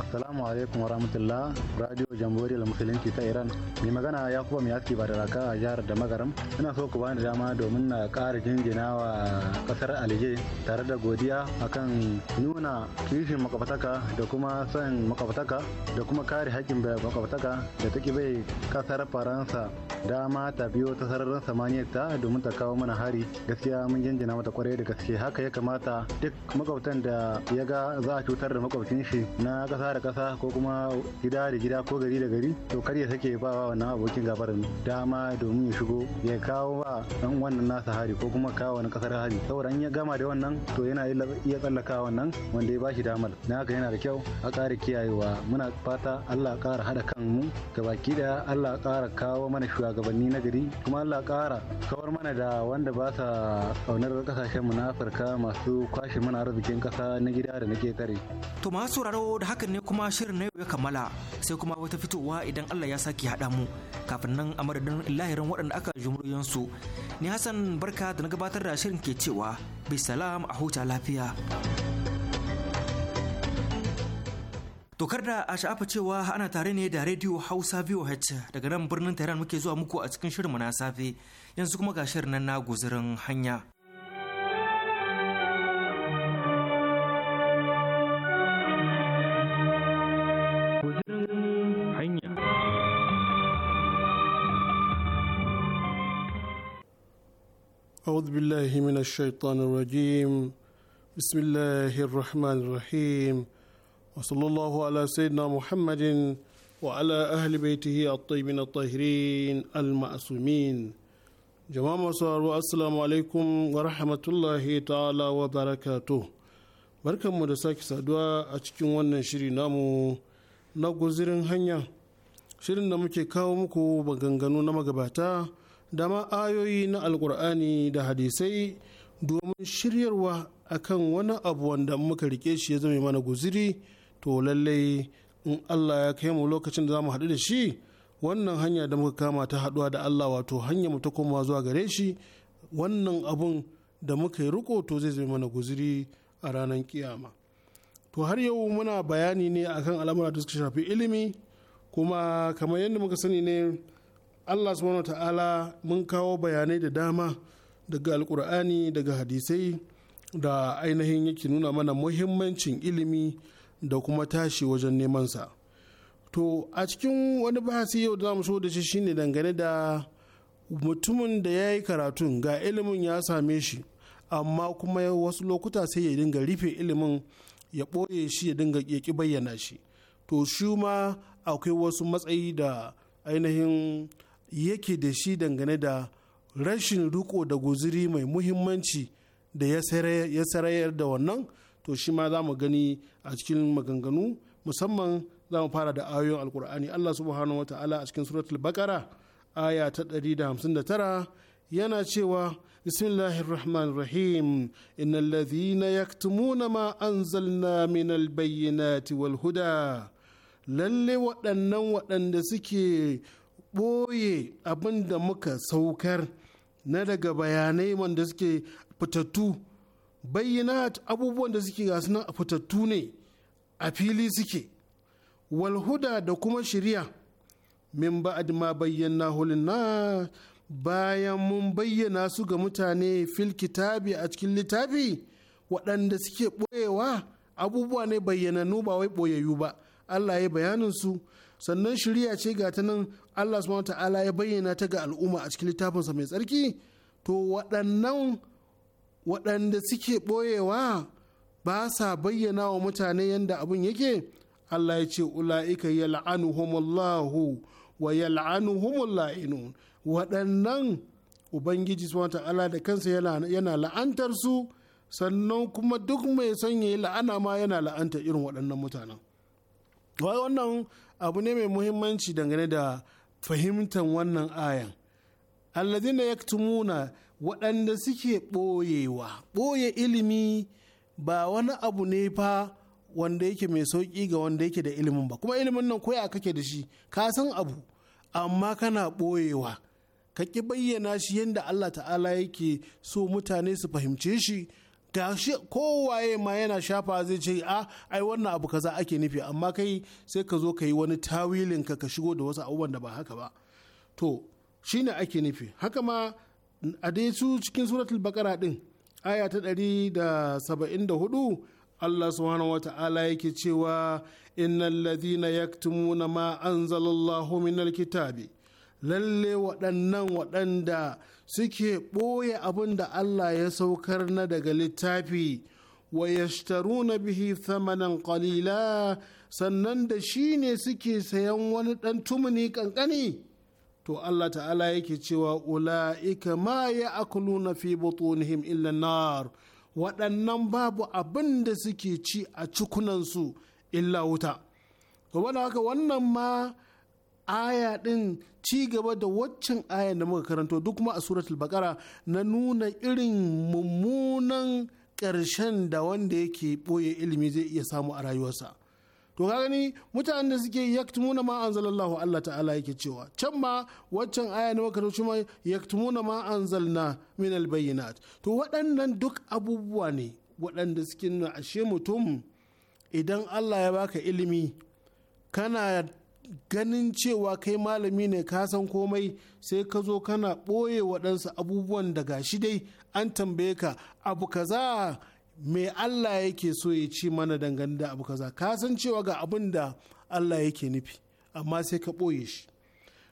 Assalamu alaikum warahmatullah Radio Jamhuriyar Musulunci ta Iran. Mai magana ya kuma mai aski ba da raka a jihar da magaram. Ina so ku bani dama domin na ƙara jinjina wa ƙasar Alije tare da godiya akan nuna kishin makwabtaka da kuma son makwabtaka da kuma kare haƙƙin makwabtaka da take bai ƙasar Faransa dama ta biyo ta sararin samaniyar ta domin ta kawo mana hari gaskiya mun jinjina mata kwarai da gaske haka ya kamata duk makwabtan da ya ga za a cutar da makwabcin shi na ƙasa da ƙasa ko kuma gida da gida ko gari da gari to kar ya sake ba wa wannan abokin gabar dama domin ya shigo ya kawo wa dan wannan nasa hari ko kuma kawo wani ƙasar hari saboda in ya gama da wannan to yana iya tsallaka wannan wanda ya shi damar na haka yana da kyau a ƙara kiyayewa muna fata Allah ƙara haɗa kan mu baki da Allah ƙara kawo mana shugabanni na gari kuma Allah ƙara kawar mana da wanda ba sa ƙaunar kasashenmu mu na Afirka masu kwashe mana arzikin ƙasa na gida da na ƙetare. To masu sauraro da haka hakan ne kuma shirin na yau ya kammala sai kuma wata fitowa idan Allah ya sake haɗa mu kafin nan a madadin lahirin waɗanda aka jumuriyar su ni Hassan barka da na gabatar da shirin ke cewa bai salam a huta lafiya. Tokar da a sha'afa cewa ana tare ne da Radio Hausa VOH daga nan birnin Tehran muke zuwa muku a cikin shirin na safe yanzu kuma ga shirin nan na guzurin hanya. أعوذ بالله من الشيطان الرجيم بسم الله الرحمن الرحيم وصلى الله على سيدنا محمد وعلى أهل بيته الطيبين الطاهرين المعصومين جماعة مصار السلام عليكم ورحمة الله تعالى وبركاته بركة مدساك سادوا أتكين وانا شري نامو na guzirin hanya shirin da muke kawo muku maganganu na magabata da ma ayoyi na alkur'ani da hadisai domin shiryarwa akan wani abu wanda muka rike shi ya zama mana guziri to lallai in Allah ya kai mu lokacin da za mu haɗu da shi wannan hanya da muka kama ta haɗuwa da Allah wato hanya mu ta koma zuwa gare shi wannan abun da muka yi riko to zai zama mana guziri a ranar kiyama to har yau muna bayani ne akan al'amura da suka shafi ilimi kuma kamar yadda muka sani ne allah subhanahu ta'ala mun kawo bayanai da dama daga alkur'ani daga hadisai da ainihin yake nuna mana muhimmancin ilimi da kuma tashi wajen neman sa, to a cikin wani bahasi yau da zamu so da shi shine dangane da mutumin da ya yi karatun ga ilimin ya same shi amma kuma wasu lokuta sai ya dinga rufe ilimin ya ɓoye shi ya dinga ƙi bayyana shi to shi akwai wasu matsayi da ainihin yake da shi dangane da rashin riko da guziri mai muhimmanci da ya sarayar da wannan to shi ma za mu gani a cikin maganganu musamman za mu fara da ayoyin alkur'ani allah subhanahu wa ta'ala a cikin suratul bakara aya ta 159 yana cewa بسم rahim الرحمن الرحيم إن ma يكتمون ما أنزلنا من البينات lalle waɗannan waɗanda suke ɓoye abin da muka saukar na daga bayanai wanda suke fitattu bayyana abubuwan da suke gasu nan a fitattu ne a fili suke walhuda da kuma shirya min ba'ad ma bayyana hulina bayan mun bayyana su ga mutane fil a cikin littafi waɗanda suke ɓoyewa abubuwa ne bayyana ba wai ɓoyayyu ba Allah ya bayanin su sannan shirya ce ga ta nan Allah subhanahu ta'ala ya bayyana ta ga al'umma a cikin littafinsa mai tsarki to waɗannan waɗanda suke ɓoyewa ba sa bayyana wa mutane yadda abin yake Allah ya ce ula'ika yal'anuhumullahu wa yal'anuhumul la'inun waɗannan ubangiji subhanahu ta'ala da kansa yana la'antar su sannan kuma duk mai son yayi la'ana ma yana la'anta irin waɗannan mutanen wai wannan abu ne mai muhimmanci dangane da fahimtar wannan ayan allazina tumuna waɗanda suke ɓoyewa ɓoye ilimi ba wani abu ne fa wanda yake mai sauƙi ga wanda yake da ilimin ba kuma ilimin nan koya kake da shi ka san abu amma kana ɓoyewa ka ƙi bayyana shi yadda allah ta'ala yake so mutane su fahimce shi shi kowaye ma yana shafa zai ce a ah, ai wannan abu kaza ake nufi amma kai sai ka zo ka yi wani tawilin ka ka shigo da wasu abubuwan da ba haka ba to shine ake nufi haka ma a dai su cikin suratul bakara din aya ta 174 Allah subhanahu wata'ala yake cewa innal ladhina yaktumuna ma anzalallahu minal kitabi lalle waɗannan waɗanda suke ɓoye abin da Allah ya saukar na daga littafi wa na bihi thamanan qalila sannan da shi ne suke sayan wani ɗan tumuni ƙanƙani to Allah ta'ala yake cewa ula'ika ma ya na fi butunihim illa nar waɗannan babu abin da suke ci a cikunansu illa wuta to haka wannan ma aya ɗin ci gaba da waccan aya da muka karanto duk kuma a suratul bakara na nuna irin mummunan ƙarshen da wanda yake ɓoye ilimi zai iya samu a rayuwarsa to ka gani mutanen da suke yaktumuna ma anzalallahu Allah ta'ala yake cewa can ma waccan aya na muka shi ma yaktumuna ma anzalna min albayyinat to waɗannan duk abubuwa ne waɗanda suke nuna ashe mutum idan Allah ya baka ilimi kana ganin cewa kai malami ne ka san komai sai ka zo kana ɓoye waɗansu abubuwan daga shi dai an tambaye ka abu kaza me Allah yake so ya ci mana dangane da abu kaza ka san cewa ga abin da Allah yake nufi amma sai ka ɓoye shi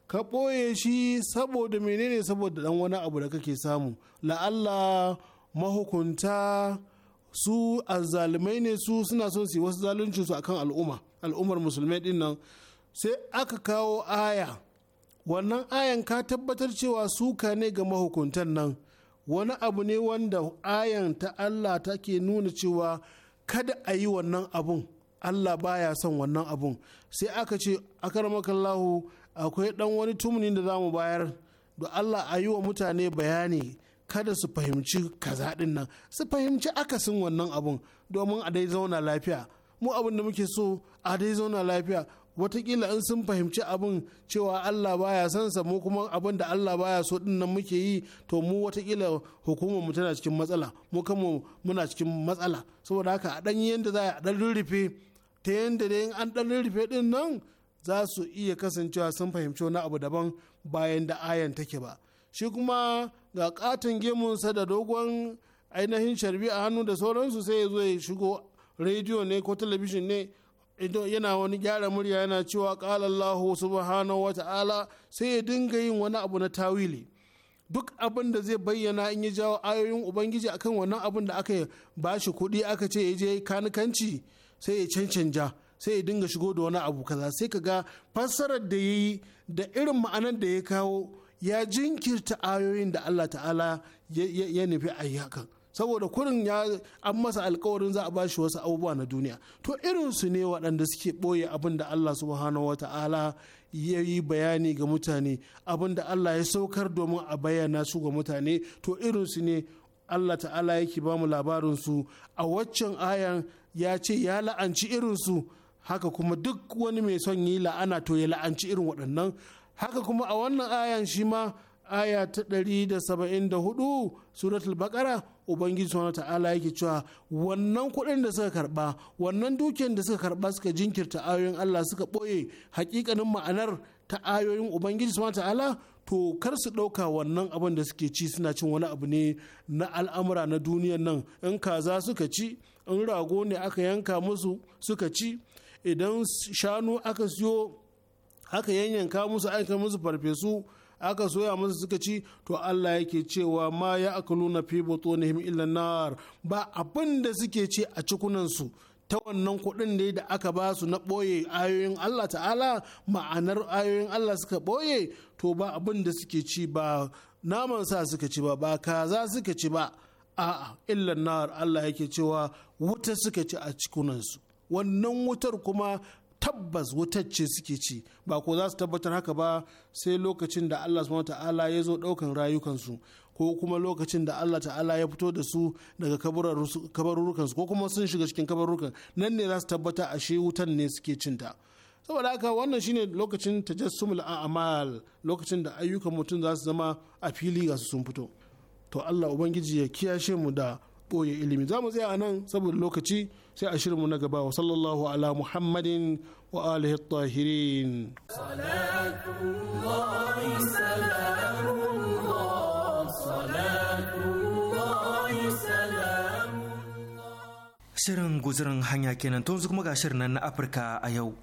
ka ɓoye shi saboda menene saboda dan wani abu da kake samu la'alla mahukunta su azzalumai ne su suna so su yi wasu zaluncinsu su akan al'umma al'ummar musulmai din sai aka kawo aya wannan ayan ka tabbatar cewa suka ne ga mahukuntan nan wani abu ne wanda ayan ta Allah take nuna cewa kada a yi wannan abun Allah baya son wannan abun sai aka ce akarmakallahu akwai dan wani tumuni da zamu bayar da Allah a yi wa mutane bayani kada su fahimci kaza din nan su fahimci akasin wannan abun domin a dai zauna lafiya mu abin da muke so a dai zauna lafiya watakila in sun fahimci abin cewa Allah baya son sa mu kuma abin da Allah baya so din nan muke yi to mu watakila hukumar mu tana cikin matsala mu kanmu muna cikin matsala saboda haka a dan yanda za a dan rurrufe ta yanda da in an dan rurrufe din nan za su iya kasancewa sun fahimci wani abu daban bayan da ayan take ba shi kuma ga katon gemunsa da dogon ainihin sharbi a hannu da sauransu sai ya zo ya shigo rediyo ne ko talabijin ne ido yana wani gyara murya yana cewa ƙalallahu subhanahu wa ta'ala sai ya dinga yin wani abu na tawili duk abin da zai bayyana in ya jawo ayoyin ubangiji akan wannan abin da aka ba shi kuɗi aka ce ya je kanikanci sai ya cancanja sai ya dinga shigo da wani abu kaza sai ka ga fassarar da ya yi da irin ma'anar da ya kawo ya jinkirta ayoyin da allah ta'ala ya nufi a hakan saboda kurin ya an masa alkawarin za a ba shi wasu abubuwa na duniya to irinsu ne waɗanda suke ɓoye abin da Allah subhanahu wa ta'ala ya yi bayani ga mutane abin da Allah ya saukar domin a bayyana su ga mutane to irin ne Allah ta'ala yake ba mu labarin su a waccan ayan ya ce ya la'anci irinsu. haka kuma duk wani mai son yi la'ana to ya la'anci irin waɗannan haka kuma a wannan ayan shi ma aya ta 174 suratul bakara ubangiji sana ta'ala yake cewa wannan kuɗin da suka karba wannan dukiyar da suka karba suka jinkirta ayoyin Allah suka ɓoye hakikanin ma'anar ta ayoyin ubangiji subhanahu ta'ala to kar su ɗauka wannan abin da suke ci suna cin wani abu ne na al'amura na duniyan nan in kaza suka ci in rago ne aka yanka musu suka ci idan shanu aka siyo aka yanyanka musu aka musu farfesu aka soya musu suka ci to Allah yake cewa ma ya aka nuna fi butunihim illa nar ba abin da suke ci a cikunan ta wannan kuɗin ne da aka ba su na ɓoye ayoyin Allah ta'ala ma'anar ayoyin Allah suka ɓoye to ba abin da suke ci ba naman sa suka ci ba ba kaza suka ci ba a'a illa nar Allah yake cewa wuta suka ci a cikunansu wannan wutar kuma tabbas wutar ce suke ci ba ko za su tabbatar haka ba sai lokacin da Allah subhanahu ta'ala ya zo daukan rayukansu ko kuma lokacin da Allah ta'ala ya fito da su daga kabarurukansu ko kuma sun shiga cikin kabarurukan nan ne za su tabbata ashe wutan ne suke cinta saboda haka wannan shine lokacin tajassumul a'mal lokacin da ayyukan mutum za su zama a fili ga su sun fito to Allah ubangiji ya kiyashe mu da boye ilimi za mu tsaya a nan saboda lokaci sai a shirinmu na gaba wa sallallahu ala muhammadin wa alihi tahirin Shirin guzurin hanya kenan tun kuma ga shirin nan na Afirka a yau.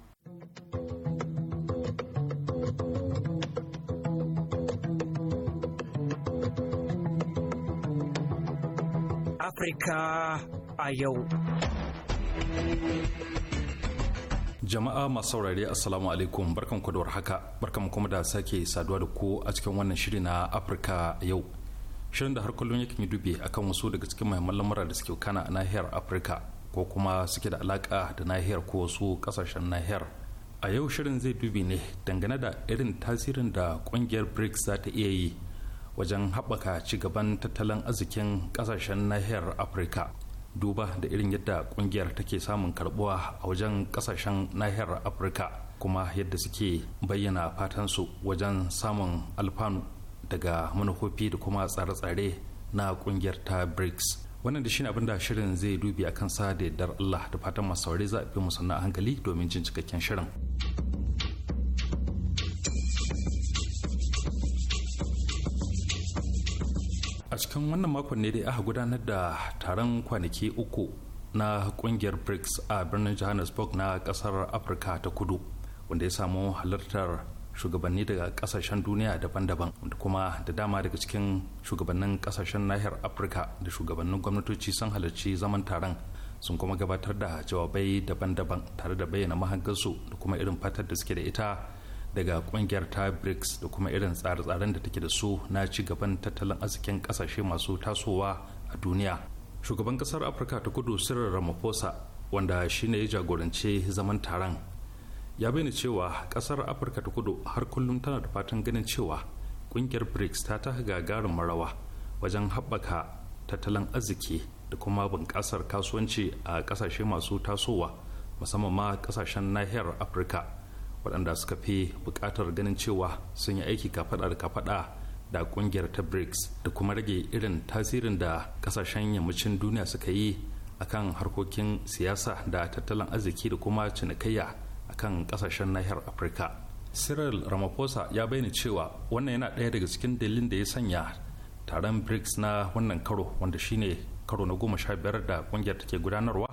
Afirka a yau. Jama'a masu saurare Assalamu alaikum barkan ku da warhaka barkan kuma da sake saduwa da ku a cikin wannan shiri na Afirka a yau. Shirin da har kullum yakan yi dube akan wasu daga cikin mahimman lamura da suke kana a nahiyar Afirka ko kuma suke da alaka da nahiyar ko wasu kasashen nahiyar. A yau shirin zai dubi ne dangane da irin tasirin da kungiyar BRICS za ta iya yi wajen haɓaka ci gaban tattalin arzikin ƙasashen nahiyar afirka duba da irin yadda ƙungiyar take samun karbuwa a wajen ƙasashen nahiyar afirka kuma yadda suke bayyana fatansu wajen samun alfanu daga manufofi da kuma tsare-tsare na ƙungiyar ta brics wannan da shine abinda shirin zai dubi a sa da yardar allah da fatan masu saurari za a bi musanna a hankali domin jin cikakken shirin a cikin wannan makon ne dai aka gudanar da taron kwanaki uku na kungiyar brics a birnin johannesburg na kasar afirka ta kudu wanda ya samu halartar shugabanni daga kasashen duniya daban-daban da kuma da dama daga cikin shugabannin kasashen nahiyar afirka da shugabannin gwamnatoci sun halarci zaman taron sun kuma gabatar da jawabai daban-daban tare da bayyana mahangarsu da kuma irin fatar da suke da ita daga kungiyar ta brics da kuma irin tsare-tsaren da take da su na ci gaban tattalin arzikin kasashe masu tasowa a duniya shugaban kasar afirka ta kudu sirrin ramaphosa wanda shine ya jagorance zaman taron ya bayyana cewa kasar afirka ta kudu har kullum tana da fatan ganin cewa kungiyar brics ta taka gagarin marawa wajen haɓaka tattalin arziki da kuma bunƙasar kasuwanci a kasashe masu tasowa musamman ma kasashen nahiyar afirka waɗanda suka fi buƙatar ganin cewa sun yi aiki kafaɗa da kafaɗa da ƙungiyar ta brics da kuma rage irin tasirin da ƙasashen yammacin duniya suka yi akan harkokin siyasa da tattalin arziki da kuma cinikayya akan ƙasashen nahiyar afirka cyril ramaphosa ya bayyana cewa wannan yana ɗaya daga cikin dalilin da ya sanya taron brics na wannan karo wanda shine karo na goma sha biyar da ƙungiyar take gudanarwa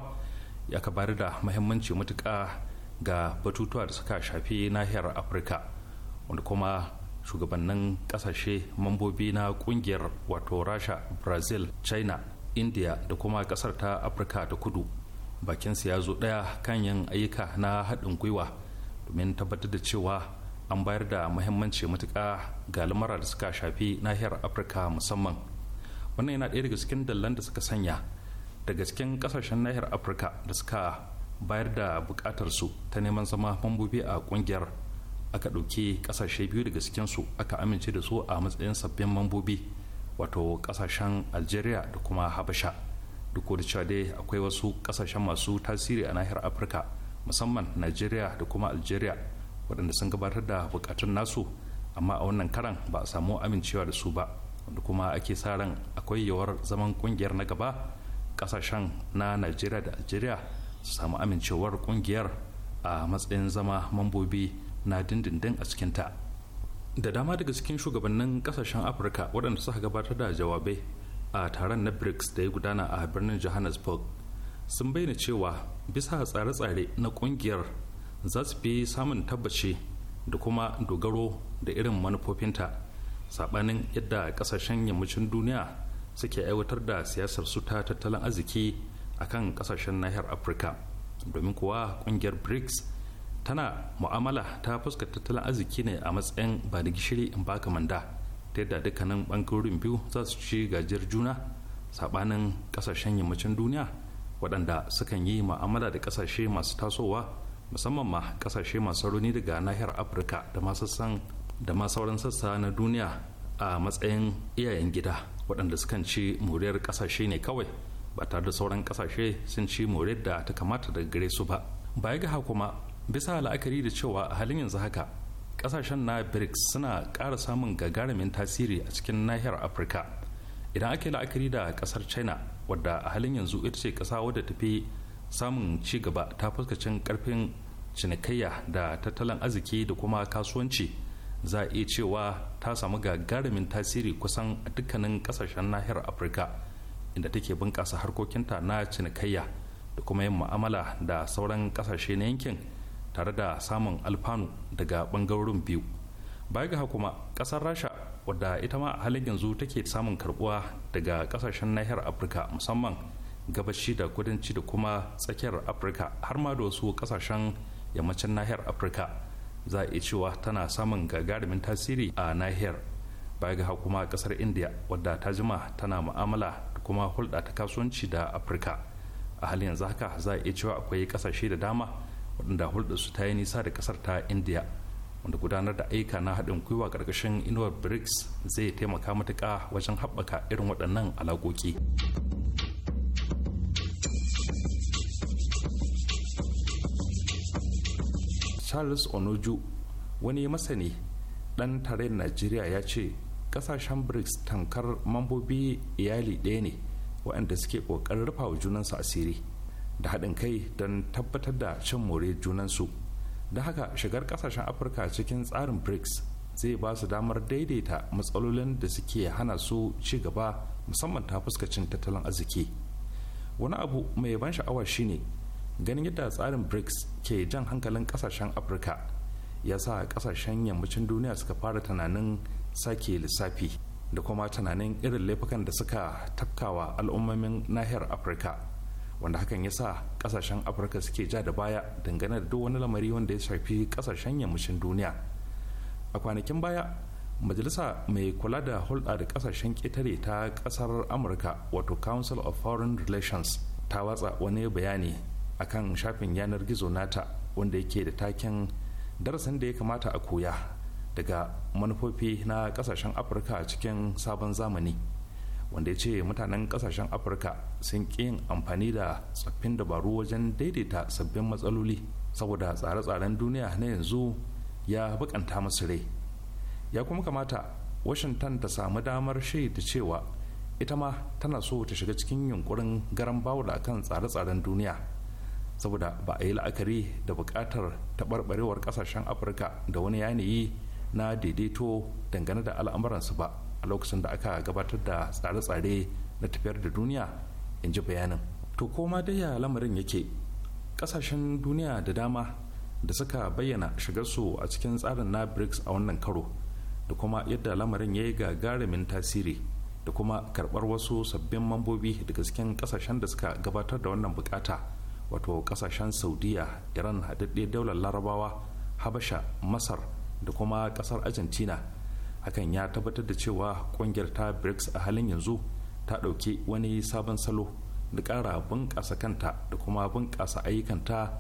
ya ka da muhimmanci matuƙa ga batutuwa da suka shafi nahiyar afirka wanda kuma shugabannin kasashe mambobi na kungiyar wato rasha brazil china india da kuma kasar ta afirka ta kudu bakinsu ya zo daya kan yin ayyuka na haɗin gwiwa domin tabbatar da cewa an bayar da muhimmanci matuka ga lamura da suka shafi nahiyar afirka musamman wannan yana ɗaya daga cikin dallan da suka sanya daga cikin kasashen nahiyar afirka da suka bayar da bukatar su ta neman zama mambobi a kungiyar aka ɗauki ƙasashe biyu daga su aka amince da su a matsayin sabbin mambobi wato ƙasashen algeria da kuma habasha duk da cewa dai akwai wasu ƙasashen masu tasiri a nahiyar afirka musamman nigeria da kuma algeria waɗanda sun gabatar da bukatun nasu amma a wannan karan ba a samu amincewa da su ba wanda kuma ake sa ran akwai yawar zaman kungiyar na gaba ƙasashen na nigeria da algeria samu amincewar kungiyar a matsayin zama mambobi na dindindin a cikinta da dama daga cikin shugabannin kasashen afirka waɗanda suka gabatar da jawabai a taron na brics da ya gudana a birnin johannesburg sun bayyana cewa bisa tsare-tsare na kungiyar za su fi samun tabbaci da kuma dogaro da irin manufofinta saɓanin yadda kasashen yammacin duniya suke aiwatar da siyasar su ta tattalin arziki a kan kasashen nahiyar afirka domin kuwa kungiyar brics tana mu'amala ta fuskar tattalin arziki ne a matsayin ba da gishiri in baka manda ta yadda dukkanin bangarorin biyu za su ci gajiyar juna sabanin kasashen yammacin duniya waɗanda sukan yi mu'amala da kasashe masu tasowa musamman ma kasashe masu rauni daga nahiyar afirka da da ma sauran sassa na duniya a matsayin iyayen gida waɗanda sukan ci muriyar kasashe ne kawai ba tare da sauran kasashe sun ci more da ta kamata daga gare su ba baya ga kuma bisa la'akari da cewa a halin yanzu haka kasashen na brics suna ƙara samun gagarumin tasiri a cikin nahiyar afirka idan ake la'akari da kasar china wadda a halin yanzu ita ce kasa wadda ta fi samun ci gaba ta fuskacin karfin cinikayya da tattalin arziki da kuma kasuwanci za a iya cewa ta samu gagarumin tasiri kusan a dukkanin kasashen nahiyar afirka inda take bunƙasa harkokinta na cinikayya da kuma yin mu'amala da sauran ƙasashe na yankin tare da samun alfanu daga ɓangarorin biyu baya ga kuma ƙasar rasha wadda ita ma a halin yanzu take samun karbuwa daga ƙasashen nahiyar afirka musamman gabashi da kudanci da kuma tsakiyar afirka har ma da wasu ƙasashen yammacin nahiyar afirka za a cewa tana samun gagarumin tasiri a nahiyar baya ga kuma ƙasar india wadda ta jima tana mu'amala kuma hulɗa ta kasuwanci da afirka a halin yanzu haka za a iya cewa akwai ƙasashe da dama waɗanda hulɗar su ta yi nisa da ƙasar ta indiya wanda gudanar da aika na haɗin gwiwa ƙarƙashin inuwar brics zai taimaka matuƙa wajen haɓaka irin waɗannan alaƙoƙi charles onoju wani masani ɗan tarayyar najeriya ya ce kasashen brics tamkar mambobi iyali ɗaya ne waɗanda suke ƙoƙarin rufa wa junansu asiri da haɗin kai don tabbatar da cin more junansu da haka shigar kasashen afirka cikin tsarin brics zai ba su damar daidaita matsalolin da suke hana su ci gaba musamman ta cin tattalin arziki wani abu mai ban sha'awa shine ganin yadda tsarin brics ke jan hankalin kasashen afirka ya sa kasashen yammacin duniya suka fara tunanin sake lissafi da kuma tunanin irin laifukan da suka tafkawa al'ummomin nahiyar afirka wanda hakan ya sa kasashen afirka suke ja da baya dangane da duk wani lamari wanda ya shafi kasashen yammacin duniya a kwanakin baya majalisa mai kula da hulɗa da kasashen ƙetare ta ƙasar amurka wato council of foreign relations ta watsa wani bayani akan shafin yanar gizo nata wanda yake da taken darasin da ya kamata a koya daga manufofi na kasashen afirka cikin sabon zamani wanda ya ce mutanen kasashen afirka sun ƙi yin amfani da tsaffin dabaru wajen daidaita sabbin matsaloli saboda tsare-tsaren duniya na yanzu ya bukanta masu rai ya kuma kamata washington ta samu damar shaida cewa ita ma tana so ta shiga cikin yunkurin garan bawul kan tsare-tsaren duniya saboda ba a yi la'akari da buƙatar taɓarɓarewar ƙasashen afirka da wani yanayi na daidaito dangane da al'amuransu ba a lokacin da aka gabatar da tsare-tsare na tafiyar da duniya in ji bayanin to koma dai ya lamarin yake kasashen duniya da dama da suka bayyana shigar su a cikin tsarin na brics a wannan karo da kuma yadda lamarin ya yi gagarumin tasiri da kuma karbar wasu sabbin mambobi daga cikin kasashen da suka gabatar da wannan bukata wato kasashen saudiya iran haɗaɗɗe daular larabawa habasha masar da kuma kasar argentina hakan ya tabbatar da cewa kungiyar ta brics a halin yanzu ta ɗauki wani sabon salo da ƙara bunƙasa kanta da kuma bunƙasa ayyukanta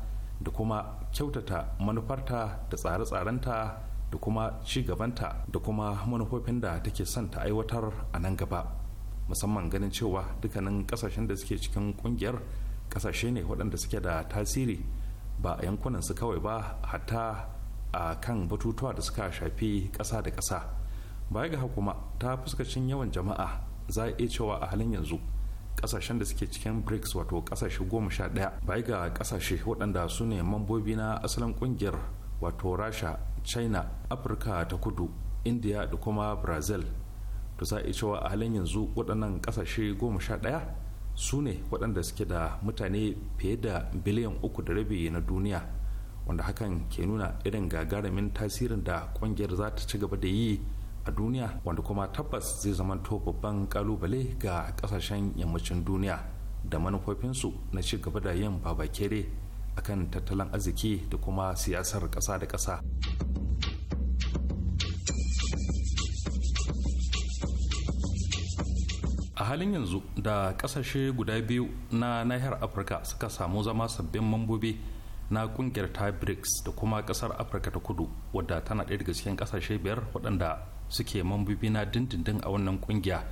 da kuma kyautata manufarta da tsare-tsarenta da kuma ci gabanta da kuma manufofin da take son ta aiwatar a nan gaba musamman ganin cewa dukkanin kasashen da suke cikin kungiyar kasashe ne waɗanda suke da tasiri ba a yankunan su kawai ba hatta a kan batutuwa da suka shafi ƙasa da ƙasa baya ga kuma ta fuskacin yawan jama'a za a iya cewa a halin yanzu ƙasashen da suke cikin brics wato ƙasashe goma sha ɗaya baya ga ƙasashe waɗanda su ne mambobi na asalin ƙungiyar wato rasha china afirka ta kudu india da kuma brazil to za a iya cewa a halin yanzu waɗannan ƙasashe goma sha ɗaya su ne waɗanda suke da mutane fiye da biliyan uku da rabi na duniya wanda hakan ke nuna irin gagarumin tasirin da kungiyar za ta ci gaba da yi a duniya wanda kuma tabbas zai zama to babban kalubale ga kasashen yammacin duniya da manufofinsu na ci gaba da yin babakere akan tattalin arziki da kuma siyasar ƙasa da ƙasa. a halin yanzu da kasashe guda biyu na nahiyar afirka suka samu zama sabbin mambobi na kungiyar ta brics da kuma kasar afirka ta kudu wadda tana ɗaya daga cikin kasashe biyar waɗanda suke mambobi na dindindin a wannan kungiya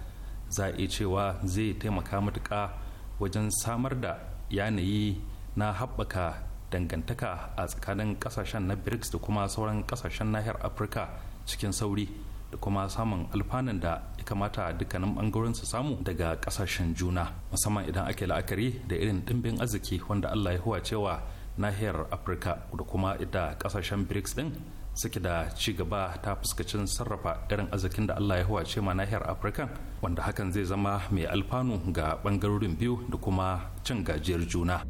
za a iya cewa zai taimaka matuƙa wajen samar da yanayi na haɓaka dangantaka a tsakanin kasashen na brics da kuma sauran kasashen nahiyar afirka cikin sauri da kuma samun alfanun da ya kamata dukkanin bangaren su samu daga ƙasashen juna musamman idan ake la'akari da irin dimbin arziki wanda allah ya huwa cewa nahiyar afirka da kuma da kasashen brics din suke da ci gaba ta fuskacin sarrafa irin arzikin da allah ya huwace ma nahiyar afirka wanda hakan zai zama mai alfanu ga bangarorin biyu da kuma cin gajiyar juna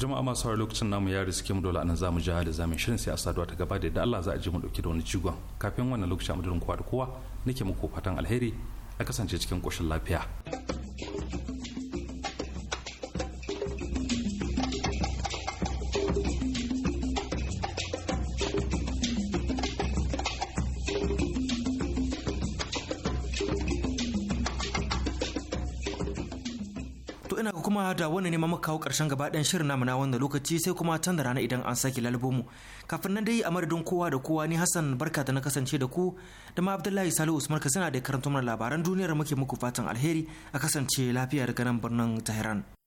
jama'a masu sauraro lokacin namu ya riske mu dole anan zamu ji da zamin shirin sai a saduwa ta gaba da yadda Allah za a ji mu dauki da wani cigon kafin wannan lokacin mu kowa da kowa nake muku fatan alheri ya kasance cikin ƙoshin lafiya. da wani ne muka kawo karshen gaba ɗayan shirin namu na wannan lokaci sai kuma can da rana idan an sake lalbomu kafin nan dai a madadin kowa da kowa ni Hassan barka da na kasance da ku da ma Abdullahi Salihu Usman Katsina da karanto mana labaran duniyar muke muku fatan alheri a kasance lafiya daga nan birnin Tehran